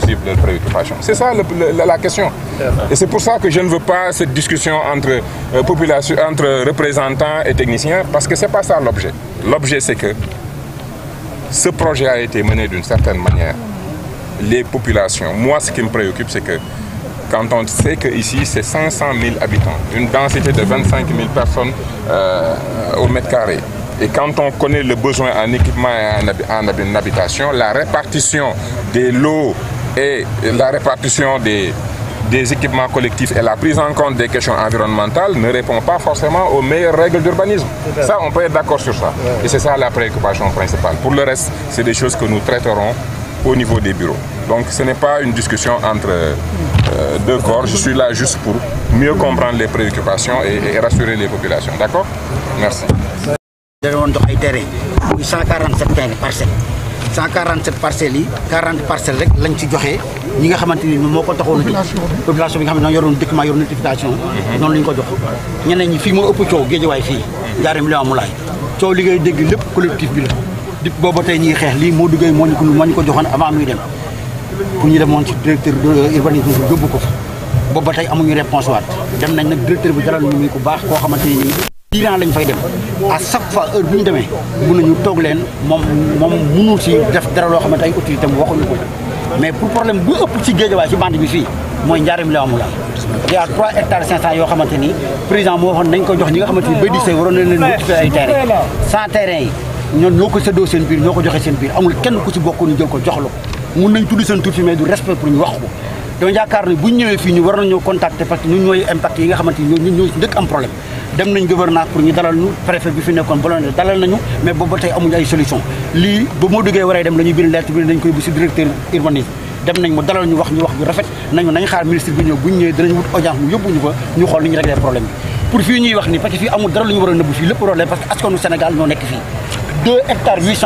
possible leurs préoccupations. C'est ça le, le, la question. Et c'est pour ça que je ne veux pas cette discussion entre, euh, et techniciens, parce que ce n'est pas ça l'objet. L'objet, c'est que ce projet a été mené d'une certaine manière. Les on sait qu'ici, c'est de 25 000 personnes euh, au mètre carré, et quand le besoin en équipement et en, habitation, la répartition des lots et la répartition des, des équipements collectifs et la prise en compte des questions environnementales ne répond pas forcément aux meilleures règles d'urbanisme. Ça, on peut être d'accord sur ça. Et c'est ça la préoccupation principale. Pour le reste, c'est des choses que nous traiterons au niveau des bureaux. Donc ce n'est pas une discussion entre euh, deux corps, je suis là juste pour mieux comprendre les préoccupations et, rassurer les populations. D'accord 147 parcelles yi 40 parcelles rek lañ ci joxe ñi nga xamante ni moo ko taxoon a jóg population bi nga xam ne ñoo yoroon document yor notification noonu lañ ko jox ñeneen ñi fii moo ëpp coow géejawaay fii jaarem li dégg lépp collectif bi la di booba tey ñuy xeex lii moo duggee moo ko moo ñu ko joxoon avant muy dem pour ñu demoon ci directeur urbanisme bi yóbbu ko fa booba tey amuñu réponse waat dem nañ nag directeur bi dalal ñu bu baax koo xamante nii dix ans lañ fay def à chaque fois heure bu ñu demee mun nañu toog leen moom moom mënul si def dara loo xamante ay autorité mu waxuñu ko mais pour problème bu ëpp ci géejawaay ci bande bi fii mooy njaarim la amul y a trois hectares cinq cent yoo xamante ni président moo waxoon nañ ko jox ñi nga xamante ni ba di say waroon na leen seen biir amul kenn ku si bokk ñu jël ko jox la ko mun nañ tudd seen tur fi mais du respect pour ñu wax ko donc yaakaar ne bu ñëwee fii ñu war nañoo contacter parce que ñun ñooy impact dem nañ gouverneur pour ñu dalal ñu préfet bi fi nekkoon Bolone dalal nañu mais boobu ba tey amuñu ay solution lii ba moo duggee waree dem la ñuy bind lettre bi koy bu si directeur urbanisme dem nañ mu dalal ñu wax ñu wax bi rafet nañu nañ xaar ministre bi ñëw bu ñu ñëwee dinañ wut audience mu yóbbu ñu fii ñuy wax lu ñu a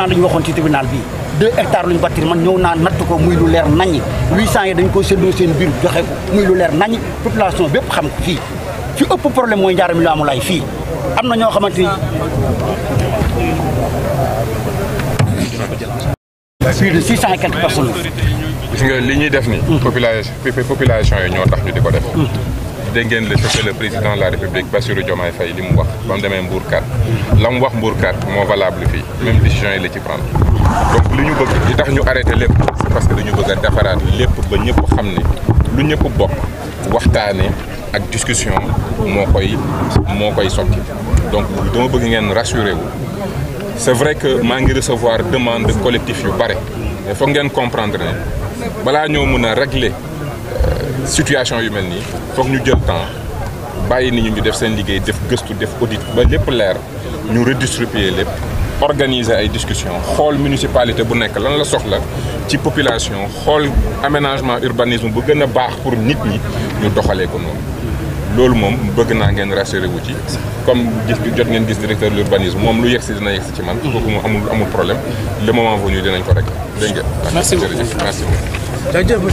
nëbb waxoon ci tribunal bii 2 hectares lu ñu bâtir man ñëw naa natt ko muy lu leer naññi lu leer naññi population bépp xam ci ëpp problème mooy njaaram mi amul ay fii am na ñoo xamante ni plus de six cent et quelques li ñuy def ni mm. population yi ñoo tax ñu di ko def mm. dégg ngeen le chef président de la république Bassirou Diomaye Faye li mu wax ba demee Mbourkat mm. la mu wax Mbourkat moo valable fii même décision yi la ci prendre donc li ñu bëgg li tax ñu arrêté lépp parce que dañu bëgg a defaraat lépp ba ñëpp xam ne lu ñëpp bokk waxtaanee ak discussion moo koy moo koy sotti donc dama bëgg ngeen rassuré wu c' est que maa ngi recevoir demande collectif yu bare mais foog ngeen comprendre ne balaa ñoo mën a régler euh, situation yu mel nii foog ñu jël temps bàyyi nit ñu def seen liggéey def gëstu def audit ba lépp leer ñu redistribuer lépp organiser ay discussion xool municipalité bu nekk lan la soxla ci population xool aménagement urbanisme bu gën a baax pour nit ñi ñu doxalee ko noonu loolu moom bëgg naa ngeen rassuré wu ci comme gis jot ngeen gis directeur de l'urbanisme moom lu yegsi dina yegsi ci man. Mhm. kooku moom amul amul problème le moment venu dinañ ko rek dégg ngeen. merci beaucoup jërëjëf merci beaucoup.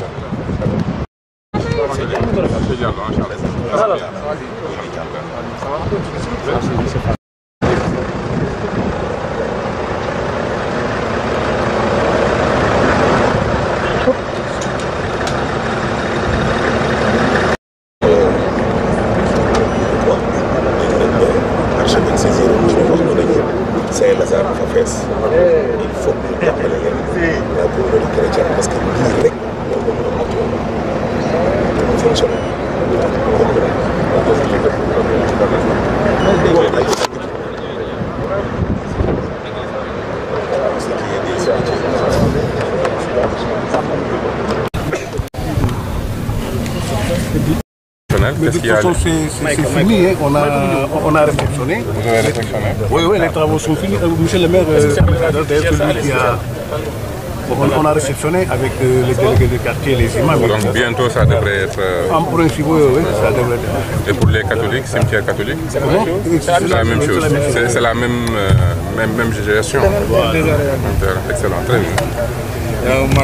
il faut que ñu jàppale leen Mais de toute façon, c'est fini. Hein. On, a, on a réflexionné. Vous avez réflexionné Monsieur le maire, celui qui a. a réceptionné avec les délégués de quartier, les imams. Donc bientôt ça devrait être. En principe, cimetière catholique C'est même chose. C'est la même, gestion. très bien. a un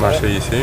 marché. ici.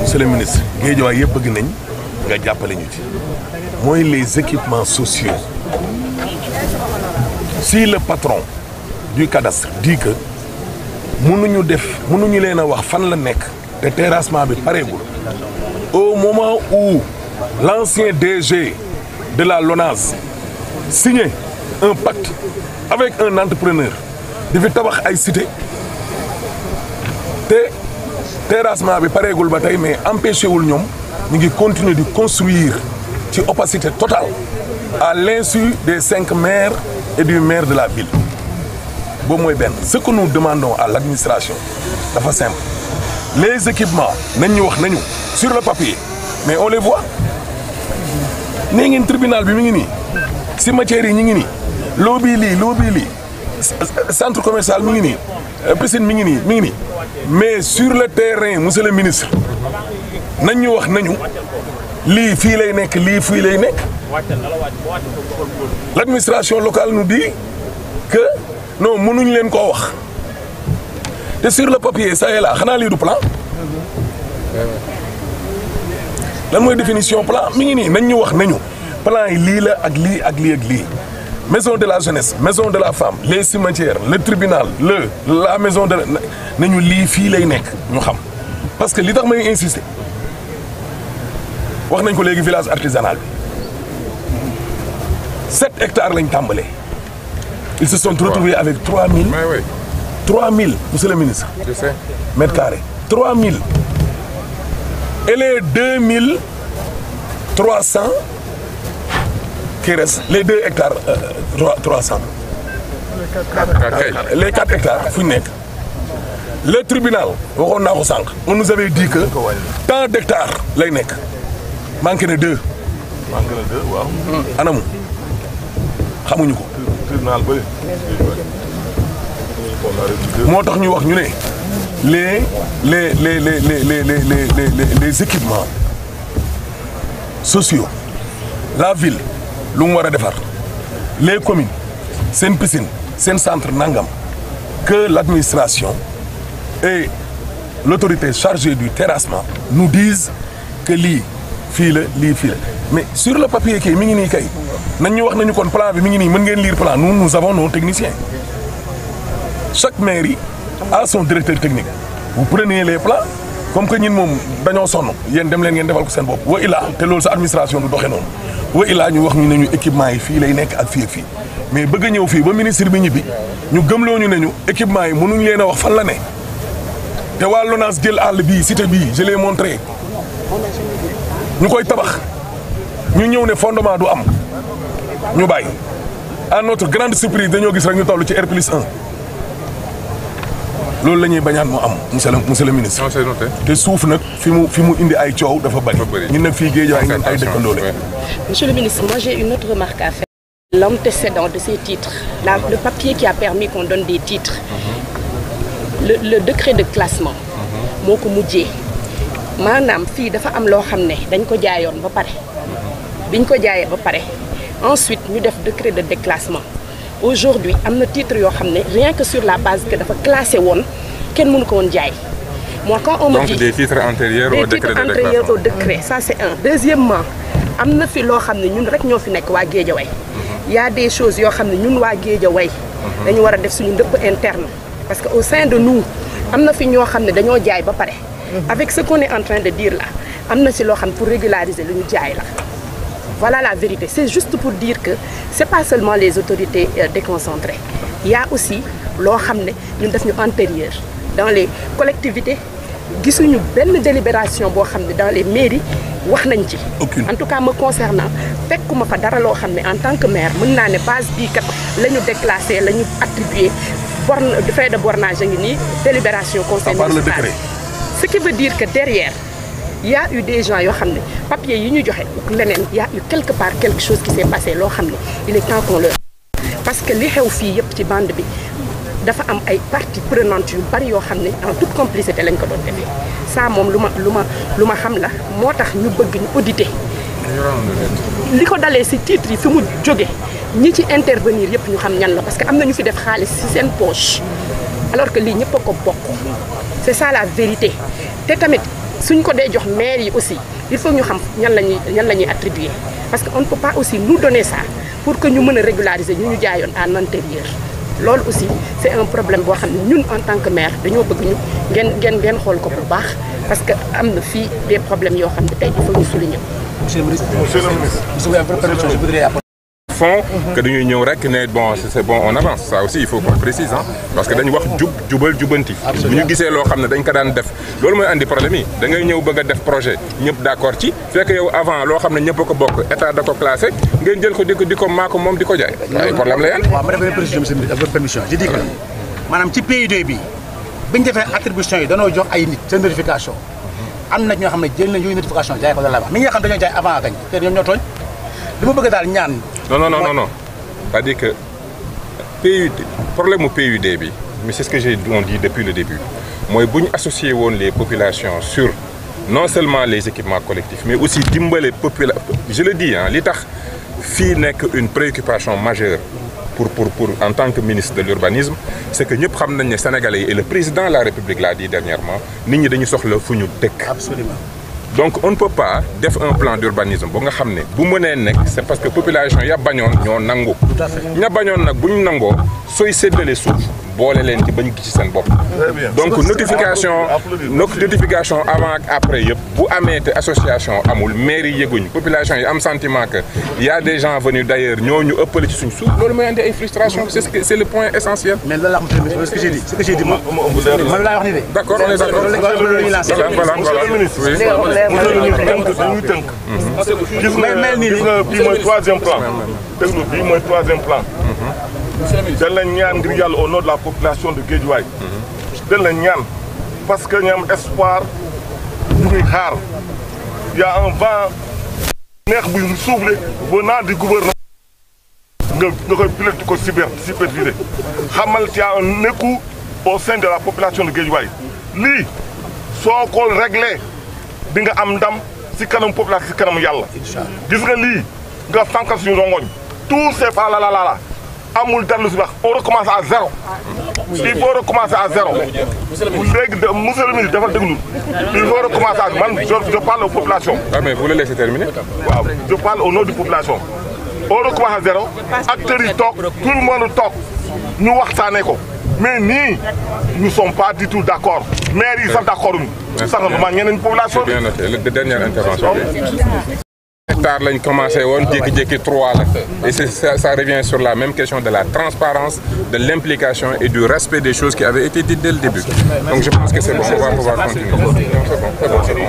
monsieur le ministre géejawaay yëpp bëgg nañ nga jàppale ñu ci mooy les équipements sociaux si le patron du cadastre dit que mënuñu def mënuñu leen a wax fan la nekk te terrassement bi pareegul au moment où l'ancien DG de la LONASE signé un pacte avec un entrepreneur di fi tabax ay cité te terrassement bi pareegul ba tey mais empêché wul ñoom ñu ngi continuer di construire ci opacité totale à l'insu des cinq maires et du maire de la ville boobu mooy benn ce que à l'administration dafa simple les équipements nañ ñu wax nañu sur le papier mais on les voit nee tribunal bi mi ngi nii cimetière yi ñu ngi nii loo bii lii loo lii centre commercial mu ngi nii eh, piscine mi ngi nii mi ngi nii mais sur le terrain monsieur le ministre nañ ñu wax nañu lii fii lay nekk lii fii lay nekk l' administration locale nous dit que non mënuñ leen koo wax te sur le papier ça est là xanaa lii du plan lan mooy définition plan mi ngi nii nañ ñu wax nañu plan yi lii la ak lii ak lii ak lii maison de la jeunesse maison de la femme les cimetières le tribunal le la maison de nañu lii fii lay nekk ñu xam parce que li tax may insister wax nañ ko léegi village artisanal bi sept hectares lañ tàmbale ils se sont retrouvés avec trois mille. trois mille monsieur le ministre. je sais trois mille. et les deux mille trois cent. qui les deux hectares trois cent les quatre hectares fu ñu nekk le tribunal waxoon naa ko sànq on nous avait dit que lay nekk manqué na deux anamu xamuñu ko moo tax ñu wax ñu ne les les les les les les les équipements sociaux la ville lu mu war a defar les communes seen piscine seen centre nangam que l'administration et l'autorité chargée du terrassement nu disent que lii fii la lii fii la mais sur le papier kay mi ngi nii kay nañ ñu wax nañu kon plan bi mi ngi nii mën ngeen lire plan nous nous avons nos techniciens chaque mairie a son directeur technique vous prenez les plans comme que ñun moom dañoo sonn yéen dem leen ngeen defal ko seen bopp wa illaa te loolu sa administration du doxee noonu wa illaa ñu wax ñu ne ñu équipement yi fii lay nekk ak fii ak fii mais bëgg a ñëw fii ba ministre bi ñibbi ñu gëmloo ñu ne ñu équipement yi mënuñ leen a wax fan la ne te waa LONASE jël àll bii cité bii je l'ai ñu koy tabax ñu ñëw ne fondement du am ñu bàyyi à notre grande surprise dañoo gis rek ñu toll ci R plus 1 loolu la ñuy bañaan moo am monsieur le monsieur le ministre te suuf nag fi mu fi mu indi ay coow dafa bari ñun nag fii géej waaye ngeen ay dëkkandoo la monsieur le ministre moi j'ai une autre remarque à faire l'antécédent de ces titres la, le papier qui a permis qu'on donne des titres mm-hmm. le, le décret de classement mm-hmm. moo ko mujjee maanaam fii dafa am loo xam ne dañ ko jaayoon ba pare mm-hmm. biñ ko jaayee ba pare ensuite ñu def décret de déclassement aujourd'hui am na titre yoo xam ne rien que sur la base que dafa classé woon kenn mënu ko woon jaay. moi quand on me dit donc des titres antérieurs au décret des titres antérieurs ça c'est un. deuxièmement am na fi loo xam ne ñun rek ñoo fi nekk waa géeja way mhm. a des choses yoo xam ne ñun waa géeja way mhm. dañu war a def suñu ndëpp interne. parce que au sein de nous am na fi ñoo xam ne dañoo jaay ba pare. Mhm. avec ce qu'on est en train de dire la am na si loo xam pour régulariser lu ñu jaay la. Voilà la vérité. C'est juste pour dire que ce n'est pas seulement les autorités euh, déconcentrées. Il y a aussi l'OHAMNE, nous devons antérieur. Dans les collectivités, gisuñu benn délibération avons xam ne dans les mairies. Aucune. En tout cas, ma concernant, fekkuma fa dara loo xam ne en tant que maire mën naa ne base bii kat la ñu déclassé la ñu attribué borne frais de bornage a ngi nii délibération conseil municipal ce qui veut dire que derrière y eu des gens yoo xam ne papier yi ñu joxe leneen y a eu quelque part quelque chose qui s'est passé loo xam ne il est temps qu'on parce que li xew fii yëpp ci bande bi dafa am ay parties prenantes yu bari yoo xam ne en toute complicité lañ ko doon defee ça moom lu ma lu ma lu ma xam la moo tax ñu bëgg ñu auditer li ko dalee ci titre yi fi mu jóge ñi ci intervenir yëpp ñu xam ñan la parce que am na ñu fi def xaalis ci seen poche alors que lii ñëpp a ko bokk c'est ça la vérité te tamit suñ ko dee jox maire yi aussi il faut ñu xam ñan la ñuy ñan la ñuy attribuer parce que on ne peut pas aussi nous donner ça pour que ñu mën a régulariser ñu ñu jaayoon à l'intérieur loolu aussi c'est un problème boo xam ne ñun en tant que maire dañoo bëgg ñu ngeen ngeen ngeen xool ko bu baax parce que am na fii des problèmes yoo xam ne tey il faut ñu souligner ko. fond que dañuy ñëw rek ne bon c'est bon avance ça aussi il faut qu'on précise parce que dañ wax jub jubal jubanti bu ñu gisee loo xam ne dañ ko daan def loolu mooy andi problème yi da ñëw bëgg def projet ñëpp d'accord ci fekk yow avant loo xam ne ñëpp ko bokk état da ko classé ngeen jël ko di ko di moom di ko jaay ay problème la yan waaw ma def bi biñu defee attribution yi danoo jox ay nit seen notification am na ñoo xam ne jël non non non non c'est-à-dire que PUD problème mu PUD bi mais c'est ce que j'ai dit depuis le début mooy bu ñu associer woon les populations sur non seulement les équipements collectifs mais aussi dimbale popula je le dis li tax fii nekk une préoccupation majeure pour pour pour en tant que ministre de l'urbanisme c'est que ñëpp xam nañ ne Sénégalais le président de la République l'a dit dernièrement nit ñi dañu soxla fu ñu dëkk. absolument. donc on ne peut pas def un plan d'urbanisme ba nga xam ne bu mënee nekk c'est parce que population ya bañoon ñoo nangu ña bañoon nag bu ñu nangoo sooy séddale suuf boole leen ci bañ gis seen bopp. donc notification notification avant après yëpp bu amee te association amul mairie yëguñ population yi am sentiment que y a des gens venus d' ailleurs ñu ëppale ci suñ suuf loolu mooy andi ay frustration c' le point essentiel. mais la xam ne ce que j' ai dit ce que j' ai dit man man laa wax ni de. d' accord on est d' accord loolu la ñuy lancé. voilà voilà oui. gis nga bii mooy troisième plan. dañ la ñaan ngir yàlla au nom la population de Guédiawaye dañ la ñaan parce que ñu am espoir ñu ngi xaar y a un vent neex bu mu soufflé venant du gouvernement nga nga koy pilote ko super supervisé xamal y a un écho au sein de la population de Guédiawaye lii soo ko réglé di nga am ndam si kanam population si kanam yàlla gis nga lii nga sànqal suñu rongoñ tout c'est pas la la amul dara lu si wax on recommence à zéro. il faut recommencer à zéro. léegi de monsieur le dafa déglu il faut recommencer à man je je parle aux populations. ah mais vous le laissez terminer. a je parle au nom du population. on recommence yi toog tout le monde toog ñu waxtaanee ko mais nii nous sommes pas du tout d' accord sa yi sax d' accord uñu. sax man ñeneen population bi. bien noté hectares lañ commencé woon jékki-jékki trois la et ça revient sur la même question de la transparence de l'implication et du respect des choses qui avaient été dites dès le début donc je pense que c'est bon on va pouvoir continuer